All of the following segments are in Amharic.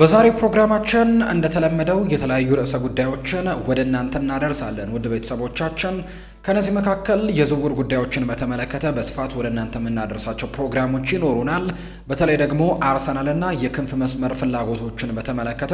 በዛሬው ፕሮግራማችን እንደተለመደው የተለያዩ ርዕሰ ጉዳዮችን ወደ እናንተ እናደርሳለን። ውድ ቤተሰቦቻችን ከነዚህ መካከል የዝውውር ጉዳዮችን በተመለከተ በስፋት ወደ እናንተ የምናደርሳቸው ፕሮግራሞች ይኖሩናል። በተለይ ደግሞ አርሰናልና የክንፍ መስመር ፍላጎቶችን በተመለከተ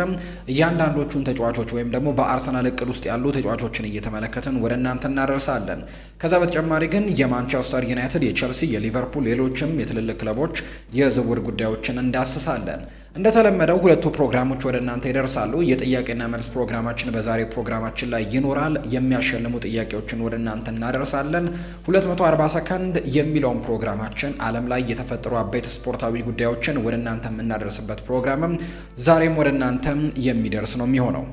እያንዳንዶቹን ተጫዋቾች ወይም ደግሞ በአርሰናል እቅድ ውስጥ ያሉ ተጫዋቾችን እየተመለከትን ወደ እናንተ እናደርሳለን። ከዛ በተጨማሪ ግን የማንቸስተር ዩናይትድ፣ የቸልሲ፣ የሊቨርፑል ሌሎችም የትልልቅ ክለቦች የዝውውር ጉዳዮችን እንዳስሳለን። እንደተለመደው ሁለቱ ፕሮግራሞች ወደ እናንተ ይደርሳሉ። የጥያቄና መልስ ፕሮግራማችን በዛሬ ፕሮግራማችን ላይ ይኖራል። የሚያሸልሙ ጥያቄዎችን ወደ እናንተ ለእናንተ እናደርሳለን። 240 ሰከንድ የሚለውን ፕሮግራማችን ዓለም ላይ የተፈጠሩ አበይት ስፖርታዊ ጉዳዮችን ወደ እናንተ የምናደርስበት ፕሮግራምም ዛሬም ወደ እናንተ የሚደርስ ነው የሚሆነው።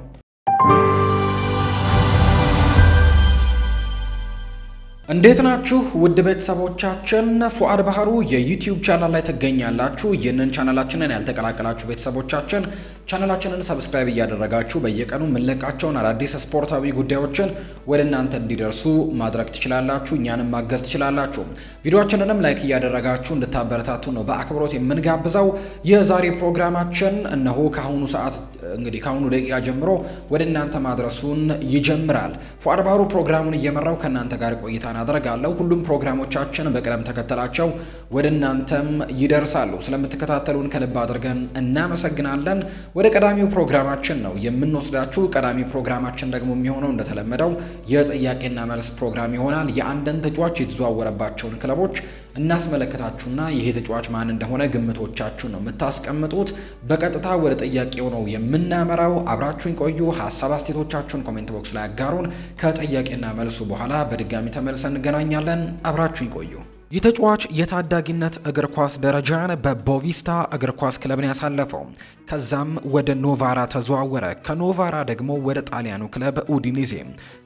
እንዴት ናችሁ ውድ ቤተሰቦቻችን? ፉአድ ባህሩ የዩቲዩብ ቻናል ላይ ትገኛላችሁ። ይህንን ቻናላችንን ያልተቀላቀላችሁ ቤተሰቦቻችን ቻናላችንን ሰብስክራይብ እያደረጋችሁ በየቀኑ የምንለቃቸውን አዳዲስ ስፖርታዊ ጉዳዮችን ወደ እናንተ እንዲደርሱ ማድረግ ትችላላችሁ፣ እኛንም ማገዝ ትችላላችሁ። ቪዲዮችንንም ላይክ እያደረጋችሁ እንድታበረታቱ ነው በአክብሮት የምንጋብዘው። የዛሬ ፕሮግራማችን እነሆ ከአሁኑ ሰዓት እንግዲህ ከአሁኑ ደቂቃ ጀምሮ ወደ እናንተ ማድረሱን ይጀምራል። ፉአድ ባህሩ ፕሮግራሙን እየመራው ከእናንተ ጋር ቆይታን አደርጋለሁ። ሁሉም ፕሮግራሞቻችን በቅደም ተከተላቸው ወደ እናንተም ይደርሳሉ። ስለምትከታተሉን ከልብ አድርገን እናመሰግናለን። ወደ ቀዳሚው ፕሮግራማችን ነው የምንወስዳችሁ። ቀዳሚ ፕሮግራማችን ደግሞ የሚሆነው እንደተለመደው የጥያቄና መልስ ፕሮግራም ይሆናል። የአንድን ተጫዋች የተዘዋወረባቸውን ክለቦች እናስመለከታችሁና ይሄ ተጫዋች ማን እንደሆነ ግምቶቻችሁን ነው የምታስቀምጡት። በቀጥታ ወደ ጥያቄው ነው የምናመራው። አብራችሁን ቆዩ። ሀሳብ አስቴቶቻችሁን ኮሜንት ቦክስ ላይ አጋሩን። ከጥያቄና መልሱ በኋላ በድጋሚ ተመልሰን እንገናኛለን። አብራችሁን ቆዩ። የተጫዋች የታዳጊነት እግር ኳስ ደረጃን በቦቪስታ እግር ኳስ ክለብን ያሳለፈው ከዛም ወደ ኖቫራ ተዘዋወረ። ከኖቫራ ደግሞ ወደ ጣሊያኑ ክለብ ኡዲኒዜ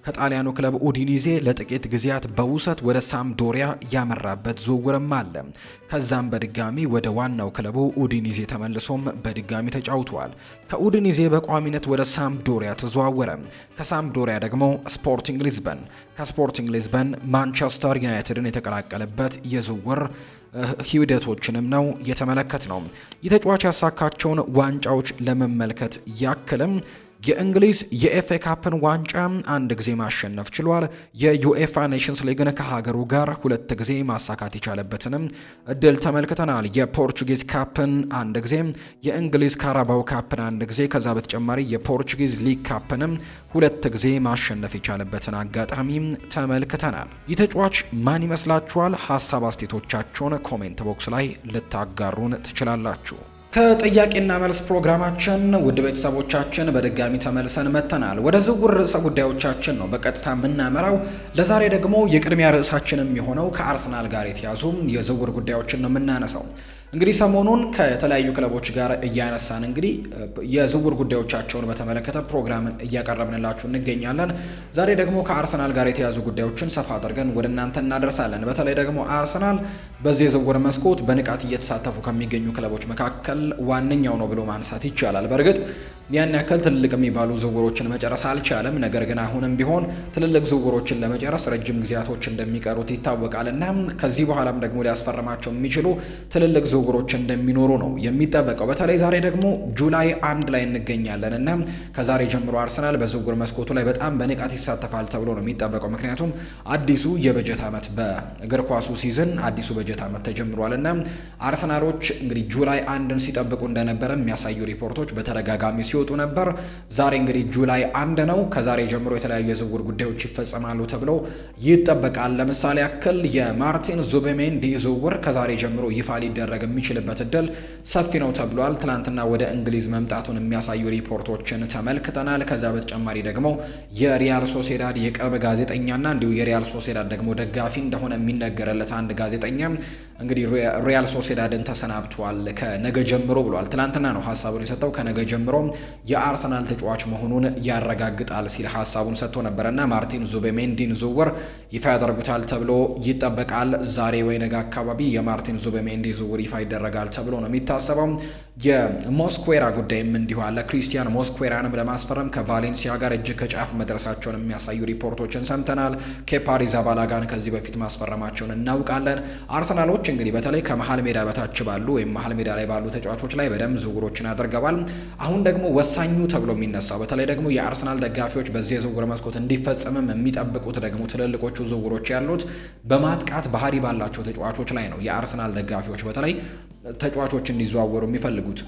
ከጣሊያኑ ክለብ ኡዲኒዜ ለጥቂት ጊዜያት በውሰት ወደ ሳምዶሪያ ያመራበት ዝውውርም አለ። ከዛም በድጋሚ ወደ ዋናው ክለቡ ኡዲኒዜ ተመልሶም በድጋሚ ተጫውቷል። ከኡዲኒዜ በቋሚነት ወደ ሳምዶሪያ ተዘዋወረ። ከሳምዶሪያ ደግሞ ስፖርቲንግ ሊዝበን፣ ከስፖርቲንግ ሊዝበን ማንቸስተር ዩናይትድን የተቀላቀለበት የዝውውር ሂደቶችንም ነው የተመለከት ነው። የተጫዋች ያሳካቸውን ዋንጫዎች ለመመልከት ያክልም የእንግሊዝ የኤፍኤ ካፕን ዋንጫ አንድ ጊዜ ማሸነፍ ችሏል። የዩኤፋ ኔሽንስ ሊግን ከሀገሩ ጋር ሁለት ጊዜ ማሳካት የቻለበትንም እድል ተመልክተናል። የፖርቹጊዝ ካፕን አንድ ጊዜ፣ የእንግሊዝ ካራባው ካፕን አንድ ጊዜ፣ ከዛ በተጨማሪ የፖርቹጊዝ ሊግ ካፕንም ሁለት ጊዜ ማሸነፍ የቻለበትን አጋጣሚ ተመልክተናል። ይህ ተጫዋች ማን ይመስላችኋል? ሀሳብ አስቴቶቻችሁን ኮሜንት ቦክስ ላይ ልታጋሩን ትችላላችሁ። ከጥያቄና መልስ ፕሮግራማችን ውድ ቤተሰቦቻችን በድጋሚ ተመልሰን መጥተናል። ወደ ዝውውር ርዕሰ ጉዳዮቻችን ነው በቀጥታ የምናመራው። ለዛሬ ደግሞ የቅድሚያ ርዕሳችን የሚሆነው ከአርሰናል ጋር የተያዙ የዝውውር ጉዳዮችን ነው የምናነሳው። እንግዲህ ሰሞኑን ከተለያዩ ክለቦች ጋር እያነሳን እንግዲህ የዝውውር ጉዳዮቻቸውን በተመለከተ ፕሮግራምን እያቀረብንላችሁ እንገኛለን። ዛሬ ደግሞ ከአርሰናል ጋር የተያዙ ጉዳዮችን ሰፋ አድርገን ወደ እናንተ እናደርሳለን። በተለይ ደግሞ አርሰናል በዚህ የዝውውር መስኮት በንቃት እየተሳተፉ ከሚገኙ ክለቦች መካከል ዋነኛው ነው ብሎ ማንሳት ይቻላል። በእርግጥ ያን ያክል ትልልቅ የሚባሉ ዝውውሮችን መጨረስ አልቻለም። ነገር ግን አሁንም ቢሆን ትልልቅ ዝውውሮችን ለመጨረስ ረጅም ጊዜያቶች እንደሚቀሩት ይታወቃል እና ከዚህ በኋላም ደግሞ ሊያስፈርማቸው የሚችሉ ትልልቅ ዝውውሮች እንደሚኖሩ ነው የሚጠበቀው። በተለይ ዛሬ ደግሞ ጁላይ አንድ ላይ እንገኛለን እና ከዛሬ ጀምሮ አርሰናል በዝውውር መስኮቱ ላይ በጣም በንቃት ይሳተፋል ተብሎ ነው የሚጠበቀው። ምክንያቱም አዲሱ የበጀት ዓመት በእግር ኳሱ ሲዝን አዲሱ በጀት ዓመት ተጀምሯል እና አርሰናሎች እንግዲህ ጁላይ አንድን ሲጠብቁ እንደነበረ የሚያሳዩ ሪፖርቶች በተደጋጋሚ ሲሆ ሲወጡ ነበር። ዛሬ እንግዲህ ጁላይ አንድ ነው። ከዛሬ ጀምሮ የተለያዩ የዝውውር ጉዳዮች ይፈጸማሉ ተብሎ ይጠበቃል። ለምሳሌ ያክል የማርቲን ዙቤሜንዲ ዝውውር ከዛሬ ጀምሮ ይፋ ሊደረግ የሚችልበት እድል ሰፊ ነው ተብሏል። ትናንትና ወደ እንግሊዝ መምጣቱን የሚያሳዩ ሪፖርቶችን ተመልክተናል። ከዛ በተጨማሪ ደግሞ የሪያል ሶሴዳድ የቅርብ ጋዜጠኛና እንዲሁ የሪያል ሶሴዳድ ደግሞ ደጋፊ እንደሆነ የሚነገርለት አንድ ጋዜጠኛ እንግዲህ ሪያል ሶሴዳድን ተሰናብቷል ከነገ ጀምሮ ብሏል። ትናንትና ነው ሀሳቡን የሰጠው። ከነገ ጀምሮ የአርሰናል ተጫዋች መሆኑን ያረጋግጣል ሲል ሀሳቡን ሰጥቶ ነበረና ማርቲን ዙቤሜንዲን ዝውውር ይፋ ያደርጉታል ተብሎ ይጠበቃል። ዛሬ ወይ ነገ አካባቢ የማርቲን ዙቤሜንዲ ዝውውር ይፋ ይደረጋል ተብሎ ነው የሚታሰበው። የሞስኩዌራ ጉዳይም እንዲሁ አለ። ክሪስቲያን ሞስኩዌራንም ለማስፈረም ከቫሌንሲያ ጋር እጅግ ከጫፍ መድረሳቸውን የሚያሳዩ ሪፖርቶችን ሰምተናል። ኬፓ ባላጋን ከዚህ በፊት ማስፈረማቸውን እናውቃለን። አርሰናሎች እንግዲህ በተለይ ከመሀል ሜዳ በታች ባሉ ወይም መሀል ሜዳ ላይ ባሉ ተጫዋቾች ላይ በደንብ ዝውውሮችን አድርገዋል። አሁን ደግሞ ወሳኙ ተብሎ የሚነሳው በተለይ ደግሞ የአርሰናል ደጋፊዎች በዚህ የዝውውር መስኮት እንዲፈጸምም የሚጠብቁት ደግሞ ትልልቆቹ ዝውውሮች ያሉት በማጥቃት ባህሪ ባላቸው ተጫዋቾች ላይ ነው። የአርሰናል ደጋፊዎች በተለይ ተጫዋቾች እንዲዘዋወሩ የሚፈልጉት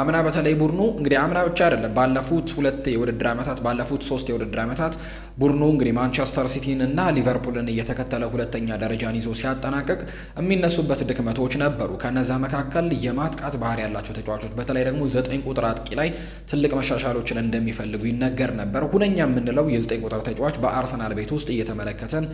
አምና በተለይ ቡድኑ እንግዲህ አምና ብቻ አይደለም ባለፉት ሁለት የውድድር ዓመታት ባለፉት ሶስት የውድድር ዓመታት ቡድኑ እንግዲህ ማንቸስተር ሲቲን እና ሊቨርፑልን እየተከተለ ሁለተኛ ደረጃን ይዞ ሲያጠናቅቅ የሚነሱበት ድክመቶች ነበሩ። ከነዛ መካከል የማጥቃት ባህሪ ያላቸው ተጫዋቾች በተለይ ደግሞ ዘጠኝ ቁጥር አጥቂ ላይ ትልቅ መሻሻሎችን እንደሚፈልጉ ይነገር ነበር። ሁነኛ የምንለው የዘጠኝ ቁጥር ተጫዋች በአርሰናል ቤት ውስጥ እየተመለከተን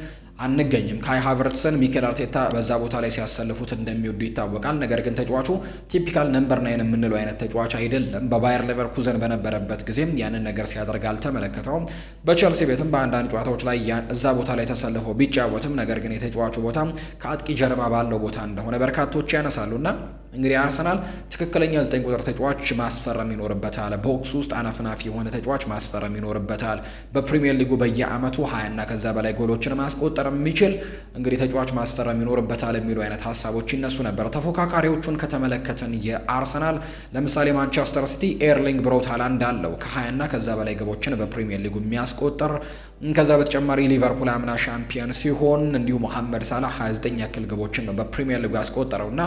አንገኝም። ካይ ሃቨርትሰን ሚኬል አርቴታ በዛ ቦታ ላይ ሲያሰልፉት እንደሚወዱ ይታወቃል። ነገር ግን ተጫዋቹ ቲፒካል ነምበር ናይን የምንለው አይነት ተጫዋች አይደለም። በባየር ሌቨርኩዘን በነበረበት ጊዜም ያንን ነገር ሲያደርግ አልተመለከተውም። በቸልሲ ቤትም በአንዳንድ ጨዋታዎች ላይ እዛ ቦታ ላይ ተሰልፎ ቢጫወትም ነገር ግን የተጫዋቹ ቦታ ከአጥቂ ጀርባ ባለው ቦታ እንደሆነ በርካቶች ያነሳሉና እንግዲህ አርሰናል ትክክለኛ ዘጠኝ ቁጥር ተጫዋች ማስፈረም ይኖርበታል። ቦክስ ውስጥ አናፍናፊ የሆነ ተጫዋች ማስፈረም ይኖርበታል። በፕሪሚየር ሊጉ በየአመቱ ሀያና ከዛ በላይ ጎሎችን ማስቆጠር የሚችል እንግዲህ ተጫዋች ማስፈረም ይኖርበታል የሚሉ አይነት ሀሳቦች ይነሱ ነበር። ተፎካካሪዎቹን ከተመለከትን የአርሰናል ለምሳሌ ማንቸስተር ሲቲ ኤርሊንግ ብሮት ሃላንድ አለው ከሀያና ከዛ በላይ ግቦችን በፕሪሚየር ሊጉ የሚያስቆጥር ከዛ በተጨማሪ ሊቨርፑል አምና ሻምፒየን ሲሆን እንዲሁ መሐመድ ሳላ 29 ያክል ግቦችን ነው በፕሪሚየር ሊጉ ያስቆጠረው እና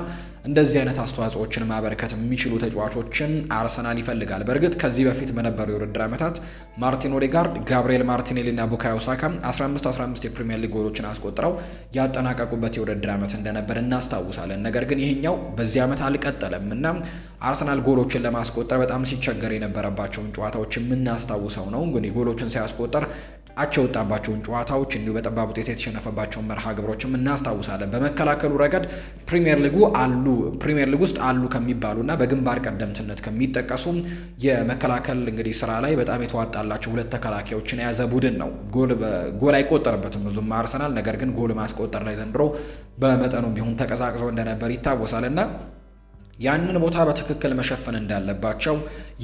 እንደዚህ አይነት አስተዋጽኦችን ማበረከት የሚችሉ ተጫዋቾችን አርሰናል ይፈልጋል። በእርግጥ ከዚህ በፊት በነበሩ የውድድር ዓመታት ማርቲን ኦዴጋርድ፣ ጋብርኤል ማርቲኔሊ እና ቡካዮ ሳካ 15 15 የፕሪምየር ሊግ ጎሎችን አስቆጥረው ያጠናቀቁበት የውድድር ዓመት እንደነበር እናስታውሳለን። ነገር ግን ይህኛው በዚህ ዓመት አልቀጠለም እና አርሰናል ጎሎችን ለማስቆጠር በጣም ሲቸገር የነበረባቸውን ጨዋታዎች የምናስታውሰው ነው። እንግዲህ ጎሎችን ሲያስቆጠር አቸው ወጣባቸውን ጨዋታዎች እንዲሁ በጠባብ ውጤት የተሸነፈባቸውን መርሃ ግብሮችም እናስታውሳለን። በመከላከሉ ረገድ ፕሪሚየር ሊጉ አሉ ፕሪሚየር ሊግ ውስጥ አሉ ከሚባሉና በግንባር ቀደምትነት ከሚጠቀሱ የመከላከል እንግዲህ ስራ ላይ በጣም የተዋጣላቸው ሁለት ተከላካዮችን የያዘ ቡድን ነው። ጎል አይቆጠርበትም ብዙም አርሰናል፣ ነገር ግን ጎል ማስቆጠር ላይ ዘንድሮ በመጠኑ ቢሆን ተቀዛቅዞ እንደነበር ይታወሳልና ያንን ቦታ በትክክል መሸፈን እንዳለባቸው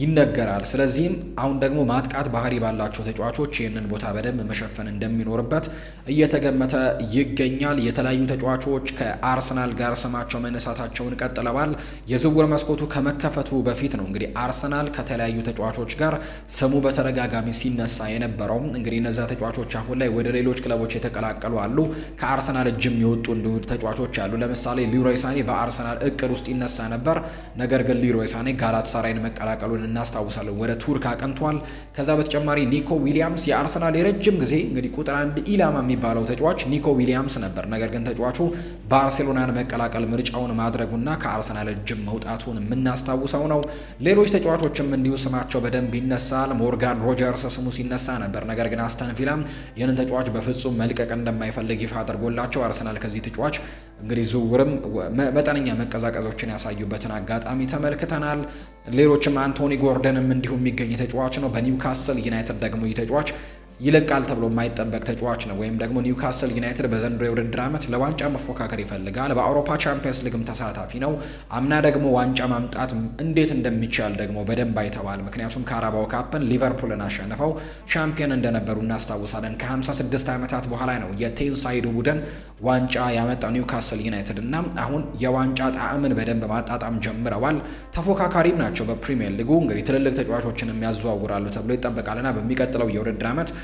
ይነገራል። ስለዚህም አሁን ደግሞ ማጥቃት ባህሪ ባላቸው ተጫዋቾች ይህንን ቦታ በደንብ መሸፈን እንደሚኖርበት እየተገመተ ይገኛል። የተለያዩ ተጫዋቾች ከአርሰናል ጋር ስማቸው መነሳታቸውን ቀጥለዋል። የዝውውር መስኮቱ ከመከፈቱ በፊት ነው እንግዲህ አርሰናል ከተለያዩ ተጫዋቾች ጋር ስሙ በተደጋጋሚ ሲነሳ የነበረው እንግዲህ እነዚያ ተጫዋቾች አሁን ላይ ወደ ሌሎች ክለቦች የተቀላቀሉ አሉ። ከአርሰናል እጅም የወጡ እንዲሁ ተጫዋቾች አሉ። ለምሳሌ ሊሮይ ሳኔ በአርሰናል እቅድ ውስጥ ይነሳ ነበር። ነበር። ነገር ግን ሊሮይ ሳኔ ጋላት ሳራይን መቀላቀሉን እናስታውሳለን። ወደ ቱርክ አቅንቷል። ከዛ በተጨማሪ ኒኮ ዊሊያምስ የአርሰናል የረጅም ጊዜ እንግዲህ ቁጥር አንድ ኢላማ የሚባለው ተጫዋች ኒኮ ዊሊያምስ ነበር። ነገር ግን ተጫዋቹ ባርሴሎናን መቀላቀል ምርጫውን ማድረጉና ከአርሰናል እጅም መውጣቱን የምናስታውሰው ነው። ሌሎች ተጫዋቾችም እንዲሁ ስማቸው በደንብ ይነሳል። ሞርጋን ሮጀርስ ስሙ ሲነሳ ነበር። ነገር ግን አስተን ቪላም ይህንን ተጫዋች በፍጹም መልቀቅ እንደማይፈልግ ይፋ አድርጎላቸው አርሰናል ከዚህ ተጫዋች እንግዲህ ዝውውርም መጠነኛ መቀዛቀዞችን ያሳዩበትን አጋጣሚ ተመልክተናል። ሌሎችም አንቶኒ ጎርደንም እንዲሁም የሚገኝ ተጫዋች ነው። በኒውካስል ዩናይትድ ደግሞ ይህ ተጫዋች ይለቃል ተብሎ የማይጠበቅ ተጫዋች ነው። ወይም ደግሞ ኒውካስል ዩናይትድ በዘንድሮ የውድድር ዓመት ለዋንጫ መፎካከር ይፈልጋል። በአውሮፓ ቻምፒየንስ ሊግም ተሳታፊ ነው። አምና ደግሞ ዋንጫ ማምጣት እንዴት እንደሚቻል ደግሞ በደንብ አይተዋል። ምክንያቱም ካራባው ካፕን ሊቨርፑልን አሸንፈው ሻምፒየን እንደነበሩ እናስታውሳለን። ከ56 ዓመታት በኋላ ነው የቴንሳይዱ ቡድን ዋንጫ ያመጣው ኒውካስል ዩናይትድ እና አሁን የዋንጫ ጣዕምን በደንብ ማጣጣም ጀምረዋል። ተፎካካሪም ናቸው። በፕሪሚየር ሊጉ እንግዲህ ትልልቅ ተጫዋቾችን የሚያዘዋውራሉ ተብሎ ይጠበቃልና በሚቀጥለው የውድድር ዓመት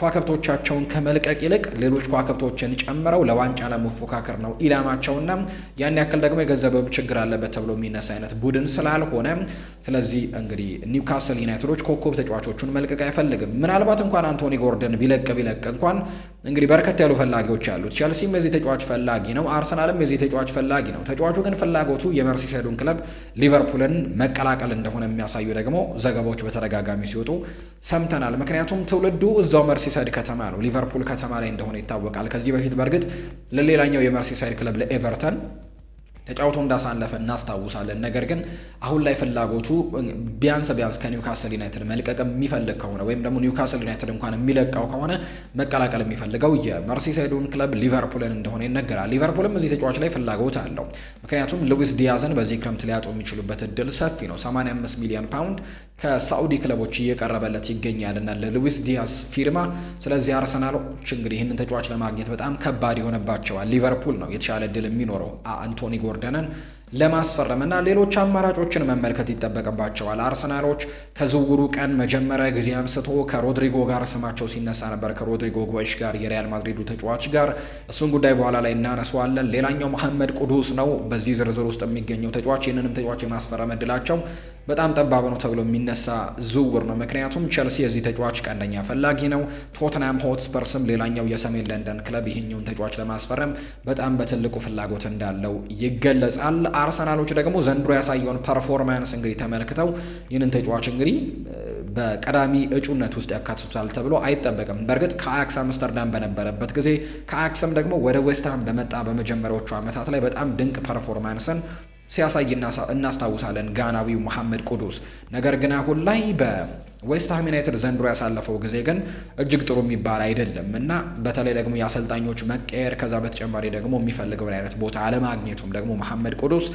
ኳከብቶቻቸውን ከመልቀቅ ይልቅ ሌሎች ኳከብቶችን ጨምረው ለዋንጫ ለመፎካከር ነው ኢላማቸውና ያን ያክል ደግሞ የገንዘብም ችግር አለበት ተብሎ የሚነሳ አይነት ቡድን ስላልሆነ፣ ስለዚህ እንግዲህ ኒውካስል ዩናይትዶች ኮከብ ተጫዋቾቹን መልቀቅ አይፈልግም። ምናልባት እንኳን አንቶኒ ጎርደን ቢለቅ ቢለቅ እንኳን እንግዲህ በርከት ያሉ ፈላጊዎች አሉት። ቸልሲም የዚህ ተጫዋች ፈላጊ ነው፣ አርሰናልም የዚህ ተጫዋች ፈላጊ ነው። ተጫዋቹ ግን ፍላጎቱ የመርሲሳይዱን ክለብ ሊቨርፑልን መቀላቀል እንደሆነ የሚያሳዩ ደግሞ ዘገባዎች በተደጋጋሚ ሲወጡ ሰምተናል። ምክንያቱም ትውልዱ እዛው መርሲ የመርሲሳይድ ከተማ ነው፣ ሊቨርፑል ከተማ ላይ እንደሆነ ይታወቃል። ከዚህ በፊት በእርግጥ ለሌላኛው የመርሲሳይድ ክለብ ለኤቨርተን ተጫውቶ እንዳሳለፈ እናስታውሳለን። ነገር ግን አሁን ላይ ፍላጎቱ ቢያንስ ቢያንስ ከኒውካስል ዩናይትድ መልቀቅ የሚፈልግ ከሆነ ወይም ደግሞ ኒውካስል ዩናይትድ እንኳን የሚለቀው ከሆነ መቀላቀል የሚፈልገው የመርሲሳይዱን ክለብ ሊቨርፑልን እንደሆነ ይነገራል። ሊቨርፑልም እዚህ ተጫዋች ላይ ፍላጎት አለው። ምክንያቱም ሉዊስ ዲያዝን በዚህ ክረምት ሊያጡ የሚችሉበት እድል ሰፊ ነው። 85 ሚሊዮን ፓውንድ ከሳዑዲ ክለቦች እየቀረበለት ይገኛል እና ለሉዊስ ዲያዝ ፊርማ። ስለዚህ አርሰናሎች እንግዲህ ይህንን ተጫዋች ለማግኘት በጣም ከባድ ይሆንባቸዋል። ሊቨርፑል ነው የተሻለ እድል የሚኖረው አንቶኒ ጆርደንን ለማስፈረም እና ሌሎች አማራጮችን መመልከት ይጠበቅባቸዋል። አርሰናሎች ከዝውውሩ ቀን መጀመሪያ ጊዜ አንስቶ ከሮድሪጎ ጋር ስማቸው ሲነሳ ነበር። ከሮድሪጎ ጎሽ ጋር የሪያል ማድሪዱ ተጫዋች ጋር እሱን ጉዳይ በኋላ ላይ እናነሰዋለን። ሌላኛው መሐመድ ቁዱስ ነው በዚህ ዝርዝር ውስጥ የሚገኘው ተጫዋች። ይህንንም ተጫዋች የማስፈረም እድላቸው በጣም ጠባብ ነው ተብሎ የሚነሳ ዝውውር ነው። ምክንያቱም ቸልሲ የዚህ ተጫዋች ቀንደኛ ፈላጊ ነው። ቶትናም ሆትስፐርስም ሌላኛው የሰሜን ለንደን ክለብ ይህኛውን ተጫዋች ለማስፈረም በጣም በትልቁ ፍላጎት እንዳለው ይገለጻል። አርሰናሎች ደግሞ ዘንድሮ ያሳየውን ፐርፎርማንስ እንግዲህ ተመልክተው ይህንን ተጫዋች እንግዲህ በቀዳሚ እጩነት ውስጥ ያካትቱታል ተብሎ አይጠበቅም። በእርግጥ ከአያክስ አምስተርዳም በነበረበት ጊዜ ከአያክስም ደግሞ ወደ ዌስትሃም በመጣ በመጀመሪያዎቹ ዓመታት ላይ በጣም ድንቅ ፐርፎርማንስን ሲያሳይ እናስታውሳለን ጋናዊው መሐመድ ቁዱስ። ነገር ግን አሁን ላይ በዌስትሃም ዩናይትድ ዘንድሮ ያሳለፈው ጊዜ ግን እጅግ ጥሩ የሚባል አይደለም እና በተለይ ደግሞ የአሰልጣኞች መቀየር ከዛ በተጨማሪ ደግሞ የሚፈልገውን አይነት ቦታ አለማግኘቱም ደግሞ መሐመድ ቁዱስ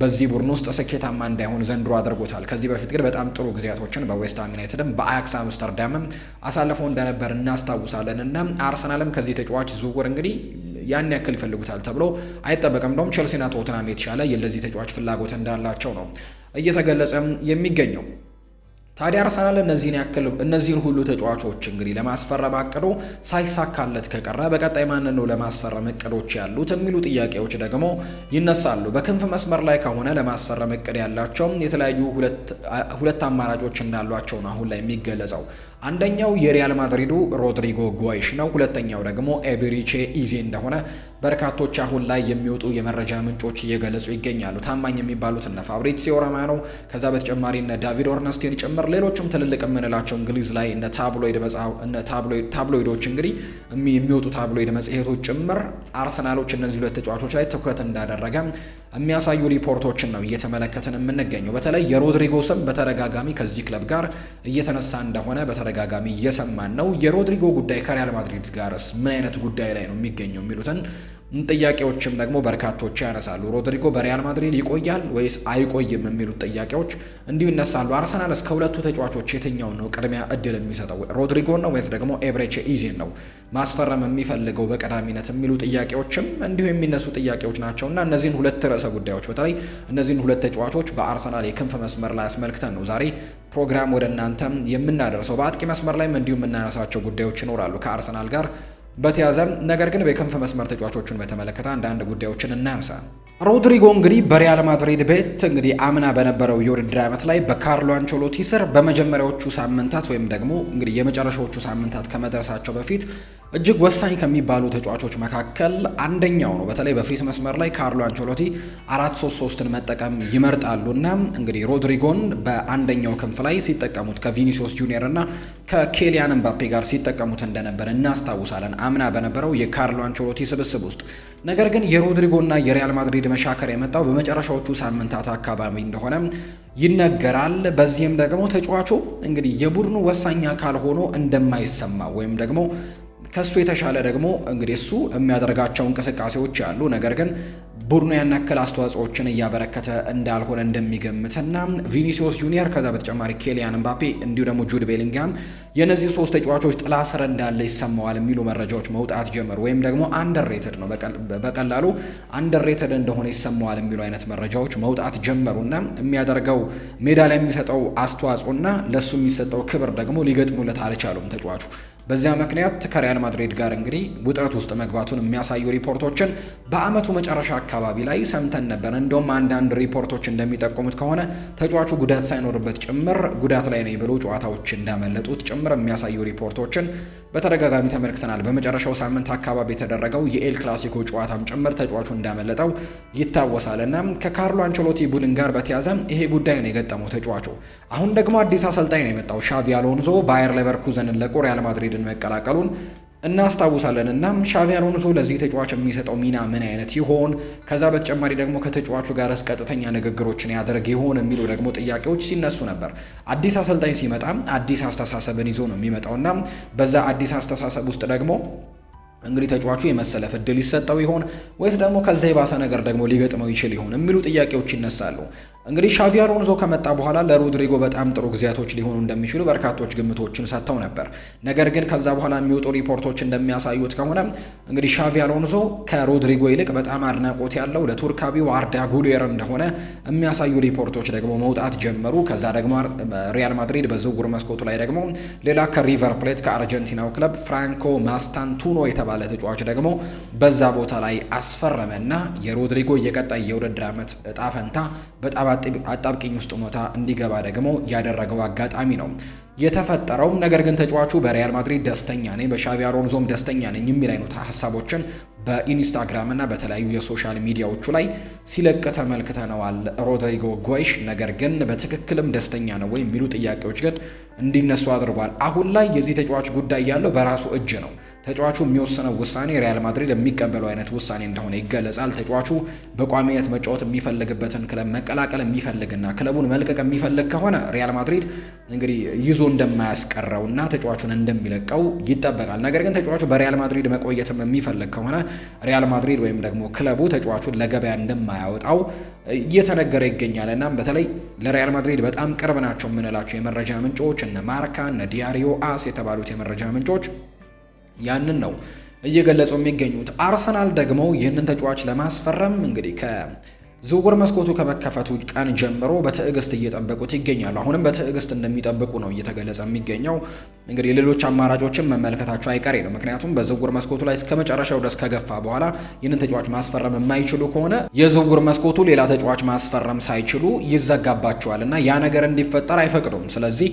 በዚህ ቡድን ውስጥ ስኬታማ እንዳይሆን ዘንድሮ አድርጎታል። ከዚህ በፊት ግን በጣም ጥሩ ጊዜያቶችን በዌስትሃም ዩናይትድም በአያክስ አምስተርዳምም አሳልፈው እንደነበር እናስታውሳለን እና አርሰናልም ከዚህ ተጫዋች ዝውውር እንግዲህ ያን ያክል ይፈልጉታል ተብሎ አይጠበቅም። እንደውም ቸልሲና ቶትናም የተሻለ የለዚህ ተጫዋች ፍላጎት እንዳላቸው ነው እየተገለጸ የሚገኘው። ታዲያ አርሰናል እነዚህን ያክል እነዚህን ሁሉ ተጫዋቾች እንግዲህ ለማስፈረም አቅዶ ሳይሳካለት ከቀረ በቀጣይ ማንን ነው ለማስፈረም እቅዶች ያሉት የሚሉ ጥያቄዎች ደግሞ ይነሳሉ። በክንፍ መስመር ላይ ከሆነ ለማስፈረም እቅድ ያላቸው የተለያዩ ሁለት አማራጮች እንዳሏቸው ነው አሁን ላይ የሚገለጸው። አንደኛው የሪያል ማድሪዱ ሮድሪጎ ጓይሽ ነው። ሁለተኛው ደግሞ ኤቤሪቼ ኢዜ እንደሆነ በርካቶች አሁን ላይ የሚወጡ የመረጃ ምንጮች እየገለጹ ይገኛሉ። ታማኝ የሚባሉት እነ ፋብሪዚዮ ሮማኖ ከዛ በተጨማሪ እነ ዳቪድ ኦርነስቲን ጭምር ሌሎችም ትልልቅ የምንላቸው እንግሊዝ ላይ እነ ታብሎይድ ታብሎይዶች እንግዲህ የሚወጡ ታብሎይድ መጽሔቶች ጭምር አርሰናሎች እነዚህ ሁለት ተጫዋቾች ላይ ትኩረት እንዳደረገ የሚያሳዩ ሪፖርቶችን ነው እየተመለከትን የምንገኘው። በተለይ የሮድሪጎ ስም በተደጋጋሚ ከዚህ ክለብ ጋር እየተነሳ እንደሆነ በተደጋጋሚ እየሰማን ነው። የሮድሪጎ ጉዳይ ከሪያል ማድሪድ ጋርስ ምን አይነት ጉዳይ ላይ ነው የሚገኘው የሚሉትን ጥያቄዎችም ደግሞ በርካቶች ያነሳሉ። ሮድሪጎ በሪያል ማድሪድ ይቆያል ወይስ አይቆይም የሚሉት ጥያቄዎች እንዲሁ ይነሳሉ። አርሰናል እስከ ሁለቱ ተጫዋቾች የትኛውን ነው ቅድሚያ እድል የሚሰጠው ሮድሪጎ ነው ወይስ ደግሞ ኤብሬቼ ኢዜን ነው ማስፈረም የሚፈልገው በቀዳሚነት የሚሉ ጥያቄዎችም እንዲሁ የሚነሱ ጥያቄዎች ናቸው እና እነዚህን ሁለት ርዕሰ ጉዳዮች በተለይ እነዚህን ሁለት ተጫዋቾች በአርሰናል የክንፍ መስመር ላይ አስመልክተን ነው ዛሬ ፕሮግራም ወደ እናንተም የምናደርሰው። በአጥቂ መስመር ላይም እንዲሁ የምናነሳቸው ጉዳዮች ይኖራሉ ከአርሰናል ጋር በተያዘ ነገር ግን በክንፍ መስመር ተጫዋቾቹን በተመለከተ አንዳንድ ጉዳዮችን እናንሳ። ሮድሪጎ እንግዲህ በሪያል ማድሪድ ቤት እንግዲህ አምና በነበረው የውድድር ዓመት ላይ በካርሎ አንቸሎቲ ስር በመጀመሪያዎቹ ሳምንታት ወይም ደግሞ እንግዲህ የመጨረሻዎቹ ሳምንታት ከመድረሳቸው በፊት እጅግ ወሳኝ ከሚባሉ ተጫዋቾች መካከል አንደኛው ነው። በተለይ በፊት መስመር ላይ ካርሎ አንቸሎቲ አራት ሶስት ሶስትን መጠቀም እና እንግዲህ ሮድሪጎን በአንደኛው ክንፍ ላይ ሲጠቀሙት ከቪኒሲዮስ ጁኒየር እና ከኬሊያን ምባፔ ጋር ሲጠቀሙት እንደነበር እናስታውሳለን። አምና በነበረው የካርሎ አንቸሎቲ ስብስብ ውስጥ ነገር ግን የሮድሪጎና የሪያል ማድሪድ መሻከር የመጣው በመጨረሻዎቹ ሳምንታት አካባቢ እንደሆነ ይነገራል። በዚህም ደግሞ ተጫዋቹ እንግዲህ የቡድኑ ወሳኝ አካል ሆኖ እንደማይሰማ ወይም ደግሞ ከሱ የተሻለ ደግሞ እንግዲህ እሱ የሚያደርጋቸው እንቅስቃሴዎች አሉ። ነገር ግን ቡድኑ ያን ያክል እያበረከተ እንዳልሆነ እንደሚገምትና ቪኒሲዮስ ጁኒየር ከዛ በተጨማሪ ኬሊያን ኤምባፔ እንዲሁ ደግሞ ጁድ ቤሊንጋም የእነዚህ ሶስት ተጫዋቾች ጥላ ስር እንዳለ ይሰማዋል የሚሉ መረጃዎች መውጣት ጀመሩ። ወይም ደግሞ አንደርሬትድ ነው በቀላሉ አንደርሬትድ እንደሆነ ይሰማዋል የሚሉ አይነት መረጃዎች መውጣት ጀመሩና የሚያደርገው ሜዳ ላይ የሚሰጠው አስተዋጽኦና ለእሱ የሚሰጠው ክብር ደግሞ ሊገጥሙለት አልቻሉም ተጫዋቹ በዚያ ምክንያት ከሪያል ማድሪድ ጋር እንግዲህ ውጥረት ውስጥ መግባቱን የሚያሳዩ ሪፖርቶችን በአመቱ መጨረሻ አካባቢ ላይ ሰምተን ነበር። እንደውም አንዳንድ ሪፖርቶች እንደሚጠቁሙት ከሆነ ተጫዋቹ ጉዳት ሳይኖርበት ጭምር ጉዳት ላይ ነው ብሎ ጨዋታዎች እንዳመለጡት ጭምር የሚያሳዩ ሪፖርቶችን በተደጋጋሚ ተመልክተናል። በመጨረሻው ሳምንት አካባቢ የተደረገው የኤል ክላሲኮ ጨዋታም ጭምር ተጫዋቹ እንዳመለጠው ይታወሳል እና ከካርሎ አንቸሎቲ ቡድን ጋር በተያዘ ይሄ ጉዳይ ነው የገጠመው ተጫዋቹ። አሁን ደግሞ አዲስ አሰልጣኝ ነው የመጣው ሻቪ አሎንዞ ባየር ሌቨርኩዘንን ለቆ ሪያል ማድሪድ ቡድን መቀላቀሉን እናስታውሳለን። እናም ሻቪ አሎንሶ ለዚህ ተጫዋች የሚሰጠው ሚና ምን አይነት ይሆን? ከዛ በተጨማሪ ደግሞ ከተጫዋቹ ጋር ቀጥተኛ ንግግሮችን ያደርግ ይሆን የሚሉ ደግሞ ጥያቄዎች ሲነሱ ነበር። አዲስ አሰልጣኝ ሲመጣ አዲስ አስተሳሰብን ይዞ ነው የሚመጣውና በዛ አዲስ አስተሳሰብ ውስጥ ደግሞ እንግዲህ ተጫዋቹ የመሰለፍ እድል ይሰጠው ይሆን ወይስ ደግሞ ከዛ የባሰ ነገር ደግሞ ሊገጥመው ይችል ይሆን የሚሉ ጥያቄዎች ይነሳሉ። እንግዲህ ሻቪ አሎንሶ ከመጣ በኋላ ለሮድሪጎ በጣም ጥሩ ጊዜያቶች ሊሆኑ እንደሚችሉ በርካቶች ግምቶችን ሰጥተው ነበር። ነገር ግን ከዛ በኋላ የሚወጡ ሪፖርቶች እንደሚያሳዩት ከሆነ እንግዲህ ሻቪ አሎንሶ ከሮድሪጎ ይልቅ በጣም አድናቆት ያለው ለቱርካዊው አርዳ ጉሌር እንደሆነ የሚያሳዩ ሪፖርቶች ደግሞ መውጣት ጀመሩ። ከዛ ደግሞ ሪያል ማድሪድ በዝውውር መስኮቱ ላይ ደግሞ ሌላ ከሪቨር ፕሌት ከአርጀንቲናው ክለብ ፍራንኮ ማስታንቱኖ የተባለ ተጫዋች ደግሞ በዛ ቦታ ላይ አስፈረመና የሮድሪጎ የቀጣይ የውድድር ዓመት እጣ ፈንታ በጣም አጣብቂኝ ውስጥ ሁኔታ እንዲገባ ደግሞ ያደረገው አጋጣሚ ነው የተፈጠረው። ነገር ግን ተጫዋቹ በሪያል ማድሪድ ደስተኛ ነኝ፣ በሻቪ አሎንሶም ደስተኛ ነኝ የሚል አይነት ሀሳቦችን በኢንስታግራም እና በተለያዩ የሶሻል ሚዲያዎቹ ላይ ሲለቅ ተመልክተነዋል ሮድሪጎ ጓይሽ። ነገር ግን በትክክልም ደስተኛ ነው ወይ የሚሉ ጥያቄዎች ግን እንዲነሱ አድርጓል። አሁን ላይ የዚህ ተጫዋች ጉዳይ ያለው በራሱ እጅ ነው። ተጫዋቹ የሚወስነው ውሳኔ ሪያል ማድሪድ የሚቀበለው አይነት ውሳኔ እንደሆነ ይገለጻል። ተጫዋቹ በቋሚነት መጫወት የሚፈልግበትን ክለብ መቀላቀል የሚፈልግና ክለቡን መልቀቅ የሚፈልግ ከሆነ ሪያል ማድሪድ እንግዲህ ይዞ እንደማያስቀረው እና ተጫዋቹን እንደሚለቀው ይጠበቃል። ነገር ግን ተጫዋቹ በሪያል ማድሪድ መቆየትም የሚፈልግ ከሆነ ሪያል ማድሪድ ወይም ደግሞ ክለቡ ተጫዋቹን ለገበያ እንደማያወጣው እየተነገረ ይገኛል። እናም በተለይ ለሪያል ማድሪድ በጣም ቅርብ ናቸው የምንላቸው የመረጃ ምንጮች እነ ማርካ እነ ዲያሪዮ አስ የተባሉት የመረጃ ምንጮች ያንን ነው እየገለጹ የሚገኙት። አርሰናል ደግሞ ይህንን ተጫዋች ለማስፈረም እንግዲህ ከዝውውር መስኮቱ ከመከፈቱ ቀን ጀምሮ በትዕግስት እየጠበቁት ይገኛሉ። አሁንም በትዕግስት እንደሚጠብቁ ነው እየተገለጸ የሚገኘው። እንግዲህ ሌሎች አማራጮችን መመልከታቸው አይቀሬ ነው። ምክንያቱም በዝውውር መስኮቱ ላይ እስከ መጨረሻው ድረስ ከገፋ በኋላ ይህንን ተጫዋች ማስፈረም የማይችሉ ከሆነ የዝውውር መስኮቱ ሌላ ተጫዋች ማስፈረም ሳይችሉ ይዘጋባቸዋል እና ያ ነገር እንዲፈጠር አይፈቅዱም። ስለዚህ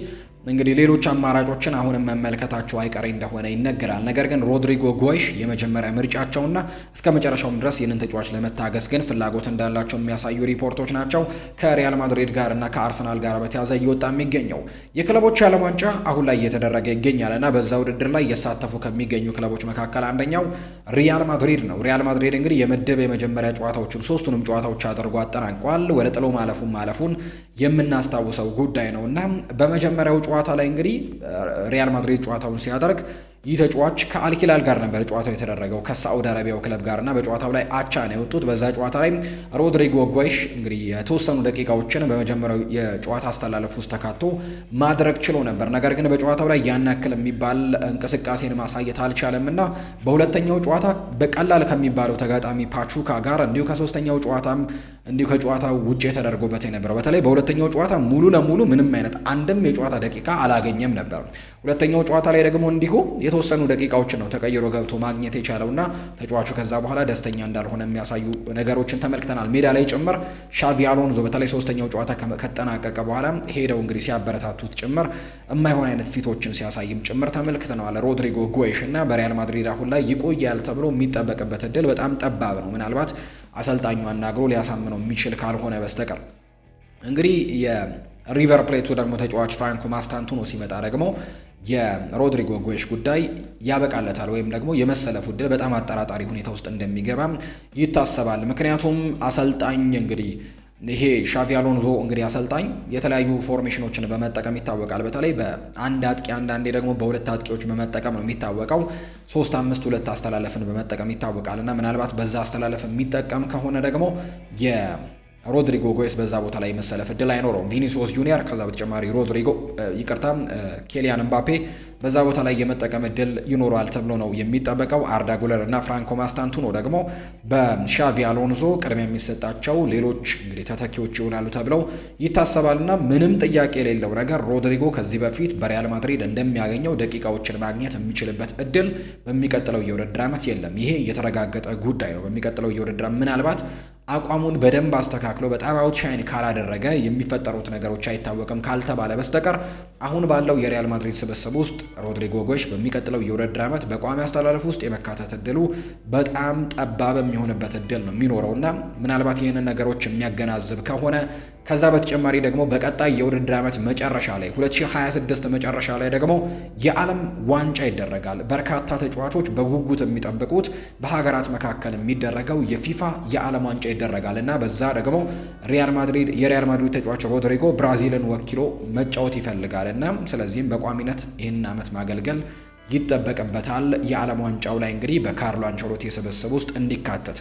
እንግዲህ ሌሎች አማራጮችን አሁንም መመልከታቸው አይቀሬ እንደሆነ ይነገራል። ነገር ግን ሮድሪጎ ጎይሽ የመጀመሪያ ምርጫቸውና እስከ መጨረሻውም ድረስ ይህንን ተጫዋች ለመታገስ ግን ፍላጎት እንዳላቸው የሚያሳዩ ሪፖርቶች ናቸው ከሪያል ማድሪድ ጋር እና ከአርሰናል ጋር በተያዘ እየወጣ የሚገኘው የክለቦች ዓለም ዋንጫ አሁን ላይ እየተደረገ ይገኛል እና በዛ ውድድር ላይ እየሳተፉ ከሚገኙ ክለቦች መካከል አንደኛው ሪያል ማድሪድ ነው። ሪያል ማድሪድ እንግዲህ የምድብ የመጀመሪያ ጨዋታዎችን ሶስቱንም ጨዋታዎች አድርጎ አጠናቋል። ወደ ጥሎ ማለፉን ማለፉን የምናስታውሰው ጉዳይ ነው እና በመጀመሪያው ጨዋታ ላይ እንግዲህ ሪያል ማድሪድ ጨዋታውን ሲያደርግ ይህ ተጫዋች ከአልኪላል ጋር ነበር ጨዋታው የተደረገው ከሳዑዲ አረቢያው ክለብ ጋርና በጨዋታው ላይ አቻ ነው የወጡት። በዛ ጨዋታ ላይ ሮድሪጎ ጓይሽ እንግዲህ የተወሰኑ ደቂቃዎችን በመጀመሪያው የጨዋታ አስተላለፍ ውስጥ ተካቶ ማድረግ ችሎ ነበር። ነገር ግን በጨዋታው ላይ ያን ያክል የሚባል እንቅስቃሴን ማሳየት አልቻለም እና በሁለተኛው ጨዋታ በቀላል ከሚባለው ተጋጣሚ ፓቹካ ጋር እንዲሁ ከሶስተኛው ጨዋታም እንዲሁ ከጨዋታ ውጭ ተደርጎበት የነበረው በተለይ በሁለተኛው ጨዋታ ሙሉ ለሙሉ ምንም አይነት አንድም የጨዋታ ደቂቃ አላገኘም ነበር። ሁለተኛው ጨዋታ ላይ ደግሞ እንዲሁ የተወሰኑ ደቂቃዎችን ነው ተቀይሮ ገብቶ ማግኘት የቻለውና ተጫዋቹ ከዛ በኋላ ደስተኛ እንዳልሆነ የሚያሳዩ ነገሮችን ተመልክተናል። ሜዳ ላይ ጭምር ሻቪ አሎንዞ በተለይ ሶስተኛው ጨዋታ ከተጠናቀቀ በኋላ ሄደው እንግዲህ ሲያበረታቱት ጭምር የማይሆን አይነት ፊቶችን ሲያሳይም ጭምር ተመልክተነዋል። ሮድሪጎ ጎሽ እና በሪያል ማድሪድ አሁን ላይ ይቆያል ተብሎ የሚጠበቅበት እድል በጣም ጠባብ ነው። ምናልባት አሰልጣኙ አናግሮ ሊያሳምነው የሚችል ካልሆነ በስተቀር እንግዲህ የሪቨር ፕሌቱ ደግሞ ተጫዋች ፍራንኮ ማስታንቱኖ ሲመጣ ደግሞ የሮድሪጎ ጎሽ ጉዳይ ያበቃለታል ወይም ደግሞ የመሰለ ዕድል በጣም አጠራጣሪ ሁኔታ ውስጥ እንደሚገባ ይታሰባል። ምክንያቱም አሰልጣኝ እንግዲህ ይሄ ሻቪ አሎንዞ እንግዲህ አሰልጣኝ የተለያዩ ፎርሜሽኖችን በመጠቀም ይታወቃል። በተለይ በአንድ አጥቂ አንዳንዴ ደግሞ በሁለት አጥቂዎች በመጠቀም ነው የሚታወቀው። ሶስት አምስት ሁለት አስተላለፍን በመጠቀም ይታወቃል እና ምናልባት በዛ አስተላለፍ የሚጠቀም ከሆነ ደግሞ ሮድሪጎ ጎይስ በዛ ቦታ ላይ መሰለፍ እድል አይኖረውም። ቪኒሲዮስ ጁኒየር ከዛ በተጨማሪ ሮድሪጎ ይቅርታ፣ ኬሊያን እምባፔ በዛ ቦታ ላይ የመጠቀም እድል ይኖረዋል ተብሎ ነው የሚጠበቀው። አርዳ ጉለር እና ፍራንኮ ማስታንቱኖ ደግሞ በሻቪ አሎንዞ ቅድሚያ የሚሰጣቸው ሌሎች እንግዲህ ተተኪዎች ይሆናሉ ተብለው ይታሰባሉና ምንም ጥያቄ የሌለው ነገር ሮድሪጎ ከዚህ በፊት በሪያል ማድሪድ እንደሚያገኘው ደቂቃዎችን ማግኘት የሚችልበት እድል በሚቀጥለው የውድድር ዓመት የለም። ይሄ የተረጋገጠ ጉዳይ ነው። በሚቀጥለው የውድድር ምናልባት አቋሙን በደንብ አስተካክሎ በጣም አውትሻይን ካላደረገ የሚፈጠሩት ነገሮች አይታወቅም ካልተባለ በስተቀር አሁን ባለው የሪያል ማድሪድ ስብስብ ውስጥ ሮድሪጎ ጎሽ በሚቀጥለው የውድድር ዓመት በቋሚ አስተላለፍ ውስጥ የመካተት እድሉ በጣም ጠባብ የሚሆንበት እድል ነው የሚኖረው ምናልባት ይህንን ነገሮች የሚያገናዝብ ከሆነ ከዛ በተጨማሪ ደግሞ በቀጣይ የውድድር ዓመት መጨረሻ ላይ 2026 መጨረሻ ላይ ደግሞ የዓለም ዋንጫ ይደረጋል። በርካታ ተጫዋቾች በጉጉት የሚጠብቁት በሀገራት መካከል የሚደረገው የፊፋ የዓለም ዋንጫ ይደረጋል እና በዛ ደግሞ ሪያል ማድሪድ የሪያል ማድሪድ ተጫዋች ሮድሪጎ ብራዚልን ወኪሎ መጫወት ይፈልጋል እና ስለዚህም በቋሚነት ይህን ዓመት ማገልገል ይጠበቅበታል። የዓለም ዋንጫው ላይ እንግዲህ በካርሎ አንቸሎቲ ስብስብ ውስጥ እንዲካተት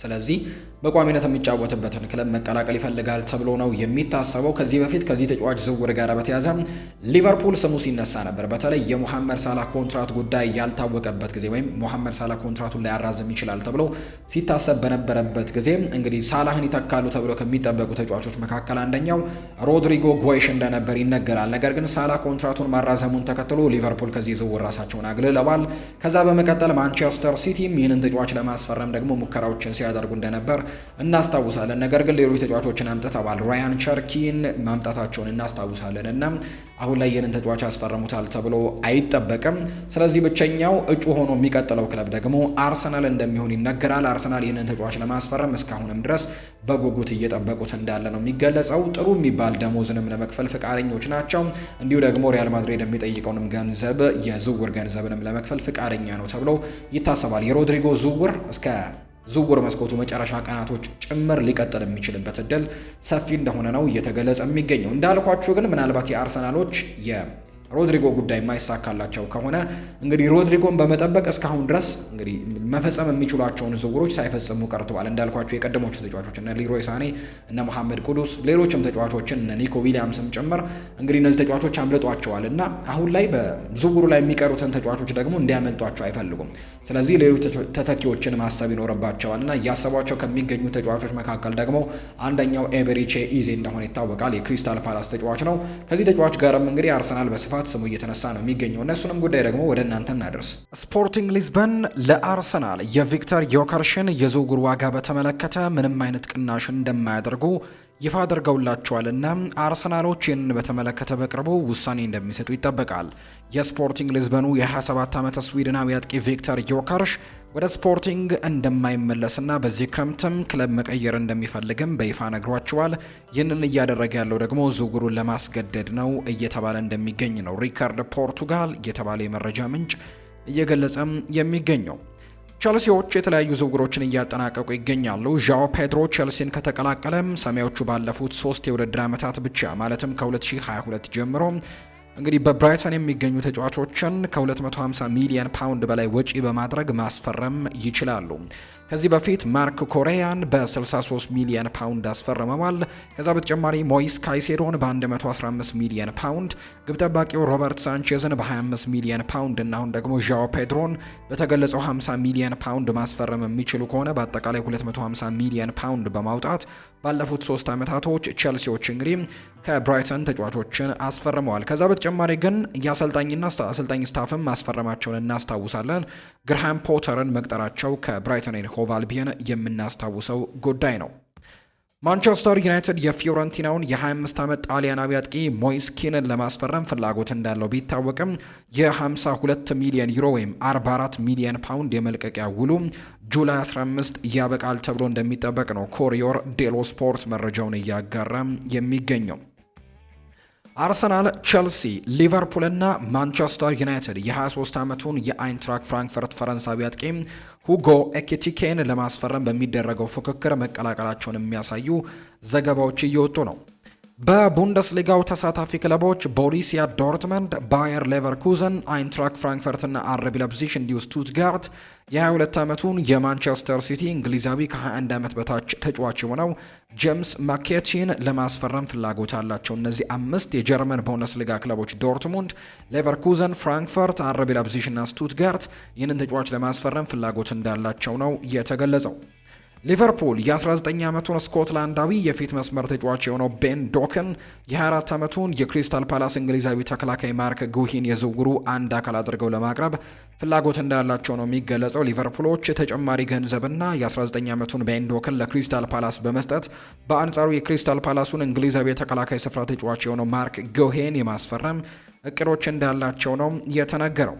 ስለዚህ በቋሚነት የሚጫወትበትን ክለብ መቀላቀል ይፈልጋል ተብሎ ነው የሚታሰበው። ከዚህ በፊት ከዚህ ተጫዋች ዝውውር ጋር በተያዘ ሊቨርፑል ስሙ ሲነሳ ነበር። በተለይ የሞሐመድ ሳላ ኮንትራት ጉዳይ ያልታወቀበት ጊዜ ወይም ሞሐመድ ሳላ ኮንትራቱን ላያራዝም ይችላል ተብሎ ሲታሰብ በነበረበት ጊዜ እንግዲህ ሳላህን ይተካሉ ተብሎ ከሚጠበቁ ተጫዋቾች መካከል አንደኛው ሮድሪጎ ጎይሽ እንደነበር ይነገራል። ነገር ግን ሳላ ኮንትራቱን ማራዘሙን ተከትሎ ሊቨርፑል ከዚህ ዝውውር ራሳቸውን አግልለዋል። ከዛ በመቀጠል ማንቸስተር ሲቲም ይህንን ተጫዋች ለማስፈረም ደግሞ ሙከራዎችን ሲያደርጉ እንደነበር እናስታውሳለን። ነገር ግን ሌሎች ተጫዋቾችን አምጥተዋል። ራያን ቸርኪን ማምጣታቸውን እናስታውሳለን እና አሁን ላይ ይህንን ተጫዋች ያስፈረሙታል ተብሎ አይጠበቅም። ስለዚህ ብቸኛው እጩ ሆኖ የሚቀጥለው ክለብ ደግሞ አርሰናል እንደሚሆን ይነገራል። አርሰናል ይህንን ተጫዋች ለማስፈረም እስካሁንም ድረስ በጉጉት እየጠበቁት እንዳለ ነው የሚገለጸው። ጥሩ የሚባል ደሞዝንም ለመክፈል ፈቃደኞች ናቸው። እንዲሁ ደግሞ ሪያል ማድሪድ የሚጠይቀውንም ገንዘብ የዝውውር ገንዘብንም ለመክፈል ፈቃደኛ ነው ተብሎ ይታሰባል። የሮድሪጎ ዝውውር እስከ ዝውውር መስኮቱ መጨረሻ ቀናቶች ጭምር ሊቀጥል የሚችልበት እድል ሰፊ እንደሆነ ነው እየተገለጸ የሚገኘው። እንዳልኳችሁ ግን ምናልባት የአርሰናሎች ሮድሪጎ ጉዳይ የማይሳካላቸው ከሆነ እንግዲህ ሮድሪጎን በመጠበቅ እስካሁን ድረስ እንግዲህ መፈጸም የሚችሏቸውን ዝውውሮች ሳይፈጽሙ ቀርተዋል። እንዳልኳቸው የቀደሞቹ ተጫዋቾች እነ ሊሮይ ሳኔ፣ እነ መሐመድ ቅዱስ፣ ሌሎችም ተጫዋቾችን እነ ኒኮ ዊሊያምስም ጭምር እንግዲህ እነዚህ ተጫዋቾች አምልጧቸዋል እና አሁን ላይ በዝውውሩ ላይ የሚቀሩትን ተጫዋቾች ደግሞ እንዲያመልጧቸው አይፈልጉም። ስለዚህ ሌሎች ተተኪዎችን ማሰብ ይኖርባቸዋል እና እያሰቧቸው ከሚገኙ ተጫዋቾች መካከል ደግሞ አንደኛው ኤቤሪቼ ኢዜ እንደሆነ ይታወቃል። የክሪስታል ፓላስ ተጫዋች ነው። ከዚህ ተጫዋች ጋርም እንግዲህ አርሰናል በስፋት በስፋት ስሙ እየተነሳ ነው የሚገኘው እና እሱንም ጉዳይ ደግሞ ወደ እናንተ እናደርስ። ስፖርቲንግ ሊዝበን ለአርሰናል የቪክተር ዮከርሽን የዝውውር ዋጋ በተመለከተ ምንም አይነት ቅናሽ እንደማያደርጉ ይፋ አድርገውላቸዋል እና አርሰናሎች ይህንን በተመለከተ በቅርቡ ውሳኔ እንደሚሰጡ ይጠበቃል። የስፖርቲንግ ሊዝበኑ የ27 ዓመት ስዊድናዊ አጥቂ ቪክተር ዮከርሽ ወደ ስፖርቲንግ እንደማይመለስና በዚህ ክረምትም ክለብ መቀየር እንደሚፈልግም በይፋ ነግሯቸዋል። ይህንን እያደረገ ያለው ደግሞ ዝውውሩን ለማስገደድ ነው እየተባለ እንደሚገኝ ነው ሪካርድ ፖርቱጋል የተባለ የመረጃ ምንጭ እየገለጸም የሚገኘው። ቸልሲዎች የተለያዩ ዝውውሮችን እያጠናቀቁ ይገኛሉ። ዣኦ ፔድሮ ቸልሲን ከተቀላቀለም ሰማዮቹ ባለፉት ሶስት የውድድር ዓመታት ብቻ ማለትም ከ2022 ጀምሮ እንግዲህ በብራይተን የሚገኙ ተጫዋቾችን ከ250 ሚሊዮን ፓውንድ በላይ ወጪ በማድረግ ማስፈረም ይችላሉ። ከዚህ በፊት ማርክ ኮሪያን በ63 ሚሊዮን ፓውንድ አስፈርመዋል። ከዛ በተጨማሪ ሞይስ ካይሴዶን በ115 ሚሊዮን ፓውንድ፣ ግብ ጠባቂው ሮበርት ሳንቼዝን በ25 ሚሊዮን ፓውንድ እና አሁን ደግሞ ዣኦ ፔድሮን በተገለጸው 50 ሚሊዮን ፓውንድ ማስፈረም የሚችሉ ከሆነ በአጠቃላይ 250 ሚሊዮን ፓውንድ በማውጣት ባለፉት ሶስት ዓመታቶች ቼልሲዎች እንግዲህ ከብራይተን ተጫዋቾችን አስፈርመዋል። ከዛ በተጨማሪ ግን የአሰልጣኝና አሰልጣኝ ስታፍም ማስፈረማቸውን እናስታውሳለን። ግርሃም ፖተርን መቅጠራቸው ከብራይተን ኤንድ ሆቭ አልቢየን የምናስታውሰው ጉዳይ ነው። ማንቸስተር ዩናይትድ የፊዮረንቲናውን የ25 ዓመት ጣሊያናዊ አጥቂ ሞይስ ኪንን ለማስፈረም ፍላጎት እንዳለው ቢታወቅም የ52 ሚሊዮን ዩሮ ወይም 44 ሚሊዮን ፓውንድ የመልቀቂያ ውሉ ጁላይ 15 ያበቃል ተብሎ እንደሚጠበቅ ነው ኮሪዮር ዴሎ ስፖርት መረጃውን እያጋራ የሚገኘው። አርሰናል፣ ቸልሲ፣ እና ማንቸስተር ዩናይትድ የ23 ዓመቱን የአይንትራክ ፍራንክፈርት ፈረንሳዊ አጥቂ ሁጎ ኤኪቲኬን ለማስፈረም በሚደረገው ፉክክር መቀላቀላቸውን የሚያሳዩ ዘገባዎች እየወጡ ነው። በቡንደስሊጋው ተሳታፊ ክለቦች ቦሪሲያ ዶርትመንድ፣ ባየር ሌቨርኩዘን፣ አይንትራክ ፍራንክፈርትና አርቢ ለብዚሽ እንዲሁ ስቱትጋርት የ22 ዓመቱን የማንቸስተር ሲቲ እንግሊዛዊ ከ21 ዓመት በታች ተጫዋች የሆነው ጄምስ ማኬቺን ለማስፈረም ፍላጎት አላቸው። እነዚህ አምስት የጀርመን ቡንደስሊጋ ክለቦች ዶርትሙንድ፣ ሌቨርኩዘን፣ ፍራንክፈርት፣ አርቢ ለብዚሽ ስቱትጋርት ይህንን ተጫዋች ለማስፈረም ፍላጎት እንዳላቸው ነው የተገለጸው። ሊቨርፑል የ19 ዓመቱን ስኮትላንዳዊ የፊት መስመር ተጫዋች የሆነው ቤን ዶክን የ24 ዓመቱን የክሪስታል ፓላስ እንግሊዛዊ ተከላካይ ማርክ ጉሂን የዝውውሩ አንድ አካል አድርገው ለማቅረብ ፍላጎት እንዳላቸው ነው የሚገለጸው። ሊቨርፑሎች ተጨማሪ ገንዘብና የ19 ዓመቱን ቤን ዶክን ለክሪስታል ፓላስ በመስጠት በአንጻሩ የክሪስታል ፓላሱን እንግሊዛዊ የተከላካይ ስፍራ ተጫዋች የሆነው ማርክ ጉሂን የማስፈረም እቅዶች እንዳላቸው ነው የተነገረው።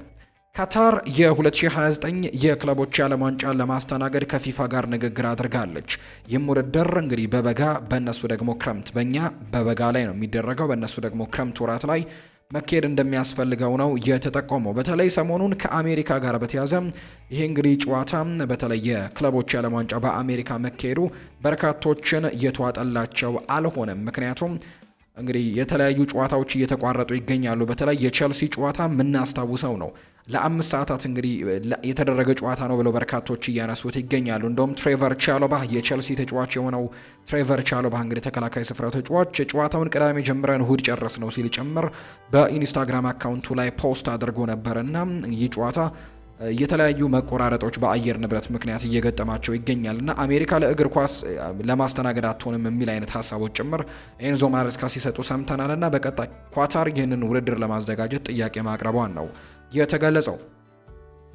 ካታር የ2029 የክለቦች የዓለም ዋንጫን ለማስተናገድ ከፊፋ ጋር ንግግር አድርጋለች። ይህም ውድድር እንግዲህ በበጋ በእነሱ ደግሞ ክረምት፣ በእኛ በበጋ ላይ ነው የሚደረገው፣ በእነሱ ደግሞ ክረምት ወራት ላይ መካሄድ እንደሚያስፈልገው ነው የተጠቆመው። በተለይ ሰሞኑን ከአሜሪካ ጋር በተያዘ ይሄ እንግዲህ ጨዋታ በተለይ የክለቦች የዓለም ዋንጫ በአሜሪካ መካሄዱ በርካቶችን እየተዋጠላቸው አልሆነም። ምክንያቱም እንግዲህ የተለያዩ ጨዋታዎች እየተቋረጡ ይገኛሉ። በተለይ የቼልሲ ጨዋታ የምናስታውሰው ነው። ለአምስት ሰዓታት እንግዲህ የተደረገ ጨዋታ ነው ብለው በርካቶች እያነሱት ይገኛሉ። እንደውም ትሬቨር ቻሎባ የቼልሲ ተጫዋች የሆነው ትሬቨር ቻሎባ እንግዲህ ተከላካይ ስፍራ ተጫዋች ጨዋታውን ቅዳሜ ጀምረን እሁድ ጨረስ ነው ሲል ጭምር በኢንስታግራም አካውንቱ ላይ ፖስት አድርጎ ነበር እና ይህ ጨዋታ የተለያዩ መቆራረጦች በአየር ንብረት ምክንያት እየገጠማቸው ይገኛል እና አሜሪካ ለእግር ኳስ ለማስተናገድ አትሆንም የሚል አይነት ሀሳቦች ጭምር ኤንዞ ማሬስካ ሲሰጡ ሰምተናል እና በቀጣይ ኳታር ይህንን ውድድር ለማዘጋጀት ጥያቄ ማቅረቧን ነው የተገለጸው።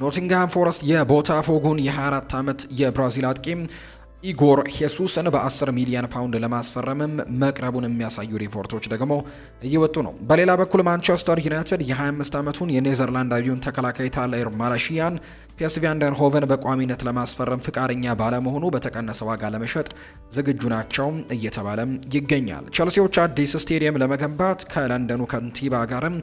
ኖቲንግሃም ፎረስት የቦታፎጉን የ24 ዓመት የብራዚል አጥቂም ኢጎር ሄሱስን በ10 ሚሊዮን ፓውንድ ለማስፈረምም መቅረቡን የሚያሳዩ ሪፖርቶች ደግሞ እየወጡ ነው። በሌላ በኩል ማንቸስተር ዩናይትድ የ25 ዓመቱን የኔዘርላንዳዊውን ተከላካይ ታለር ማላሺያን ፒኤስቪ አንደርሆቨን በቋሚነት ለማስፈረም ፍቃደኛ ባለመሆኑ በተቀነሰ ዋጋ ለመሸጥ ዝግጁ ናቸው እየተባለም ይገኛል። ቸልሲዎች አዲስ ስቴዲየም ለመገንባት ከለንደኑ ከንቲባ ጋርም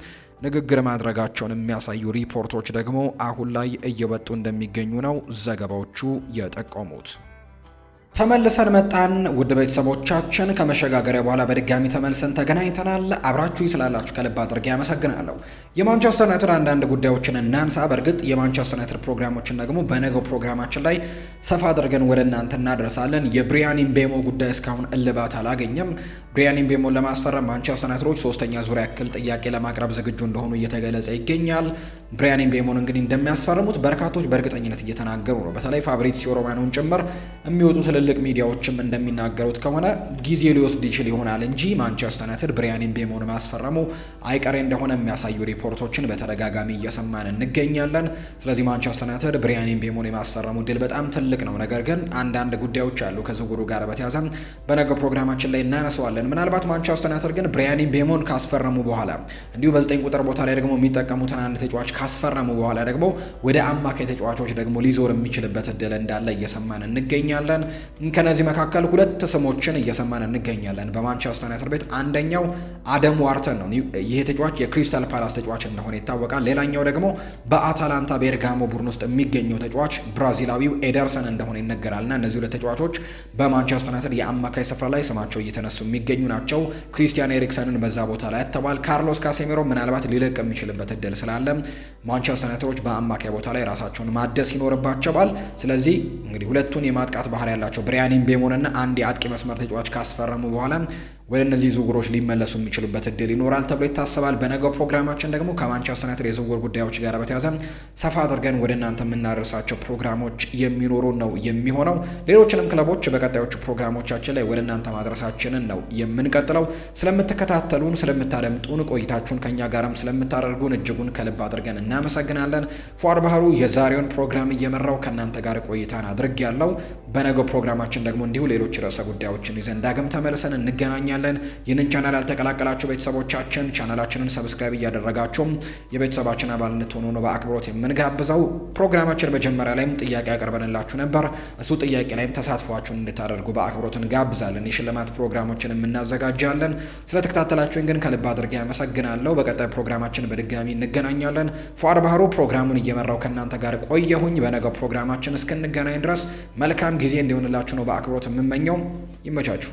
ንግግር ማድረጋቸውን የሚያሳዩ ሪፖርቶች ደግሞ አሁን ላይ እየወጡ እንደሚገኙ ነው ዘገባዎቹ የጠቆሙት። ተመልሰን መጣን። ውድ ቤተሰቦቻችን ከመሸጋገሪያ በኋላ በድጋሚ ተመልሰን ተገናኝተናል። አብራችሁ ስላላችሁ ከልብ አድርጌ አመሰግናለሁ። የማንቸስተር ዩናይትድ አንዳንድ ጉዳዮችን እናንሳ። በእርግጥ የማንቸስተር ዩናይትድ ፕሮግራሞችን ደግሞ በነገው ፕሮግራማችን ላይ ሰፋ አድርገን ወደ እናንተ እናደርሳለን። የብሪያን ምቤሞ ጉዳይ እስካሁን እልባት አላገኘም። ብሪያን ምቤሞን ለማስፈረም ማንቸስተር ዩናይትዶች ሶስተኛ ዙሪያ ያክል ጥያቄ ለማቅረብ ዝግጁ እንደሆኑ እየተገለጸ ይገኛል። ብሪያን ምቤሞን እንግዲህ እንደሚያስፈርሙት በርካቶች በእርግጠኝነት እየተናገሩ ነው። በተለይ ፋብሪዚዮ ሮማኖን ጭምር የሚወጡ ትልልቅ ሚዲያዎችም እንደሚናገሩት ከሆነ ጊዜ ሊወስድ ይችል ይሆናል እንጂ ማንቸስተር ዩናይትድ ብሪያን ምቤሞን ማስፈረሙ አይቀሬ እንደሆነ የሚያሳዩ ሪፖርቶችን በተደጋጋሚ እየሰማን እንገኛለን። ስለዚህ ማንቸስተር ዩናይትድ ብሪያን ምቤሞን የማስፈረሙ ድል በጣም ትልቅ ነው። ነገር ግን አንዳንድ ጉዳዮች አሉ ከዝውውሩ ጋር በተያያዘ በነገው ፕሮግራማችን ላይ እናነሰዋለን ምናልባት ማንቸስተር ዩናይትድ ግን ብሪያኒ ቤሞን ካስፈረሙ በኋላ እንዲሁ በዘጠኝ ቁጥር ቦታ ላይ ደግሞ የሚጠቀሙትን አንድ ተጫዋች ካስፈረሙ በኋላ ደግሞ ወደ አማካይ ተጫዋቾች ደግሞ ሊዞር የሚችልበት እድል እንዳለ እየሰማን እንገኛለን። ከነዚህ መካከል ሁለት ስሞችን እየሰማን እንገኛለን በማንቸስተር ዩናይትድ ቤት። አንደኛው አደም ዋርተን ነው። ይሄ ተጫዋች የክሪስታል ፓላስ ተጫዋች እንደሆነ ይታወቃል። ሌላኛው ደግሞ በአታላንታ ቤርጋሞ ቡድን ውስጥ የሚገኘው ተጫዋች ብራዚላዊው ኤደርሰን እንደሆነ ይነገራልና እነዚህ ሁለት ተጫዋቾች በማንቸስተር ዩናይትድ የአማካይ ስፍራ ላይ ስማቸው እየተነሱ የሚገ የሚገኙ ናቸው። ክሪስቲያን ኤሪክሰንን በዛ ቦታ ላይ ያተባል። ካርሎስ ካሴሚሮ ምናልባት ሊለቅ የሚችልበት እድል ስላለ ማንቸስተር ዩናይትዶች በአማካይ ቦታ ላይ ራሳቸውን ማደስ ይኖርባቸዋል። ስለዚህ እንግዲህ ሁለቱን የማጥቃት ባህር ያላቸው ብሪያን ምቤሞንና አንድ የአጥቂ መስመር ተጫዋች ካስፈረሙ በኋላ ወደ እነዚህ ዝውውሮች ሊመለሱ የሚችሉበት እድል ይኖራል ተብሎ ይታሰባል። በነገው ፕሮግራማችን ደግሞ ከማንቸስተር ዩናይትድ የዝውውር ጉዳዮች ጋር በተያዘ ሰፋ አድርገን ወደ እናንተ የምናደርሳቸው ፕሮግራሞች የሚኖሩ ነው የሚሆነው። ሌሎችንም ክለቦች በቀጣዮቹ ፕሮግራሞቻችን ላይ ወደ እናንተ ማድረሳችንን ነው የምንቀጥለው። ስለምትከታተሉን፣ ስለምታደምጡን፣ ቆይታችሁን ከእኛ ጋርም ስለምታደርጉን እጅጉን ከልብ አድርገን እናመሰግናለን። ፏር ባህሩ የዛሬውን ፕሮግራም እየመራው ከእናንተ ጋር ቆይታን አድርግ ያለው። በነገው ፕሮግራማችን ደግሞ እንዲሁ ሌሎች ርዕሰ ጉዳዮችን ይዘን ዳግም ተመልሰን እንገናኛል። እንገኛለን። ይህንን ቻናል ያልተቀላቀላችሁ ቤተሰቦቻችን ቻናላችንን ሰብስክራይብ እያደረጋችሁም የቤተሰባችን አባልነት ሆኖ ነው በአክብሮት የምንጋብዘው። ፕሮግራማችን መጀመሪያ ላይም ጥያቄ ያቀርበንላችሁ ነበር። እሱ ጥያቄ ላይም ተሳትፏችሁን እንድታደርጉ በአክብሮት እንጋብዛለን። የሽልማት ፕሮግራሞችን እናዘጋጃለን። ስለተከታተላችሁኝ ግን ከልብ አድርጌ አመሰግናለሁ። በቀጣይ ፕሮግራማችን በድጋሚ እንገናኛለን። ፏር ባህሩ ፕሮግራሙን እየመራው ከእናንተ ጋር ቆየሁኝ። በነገው ፕሮግራማችን እስክንገናኝ ድረስ መልካም ጊዜ እንዲሆንላችሁ ነው በአክብሮት የምመኘው። ይመቻችሁ።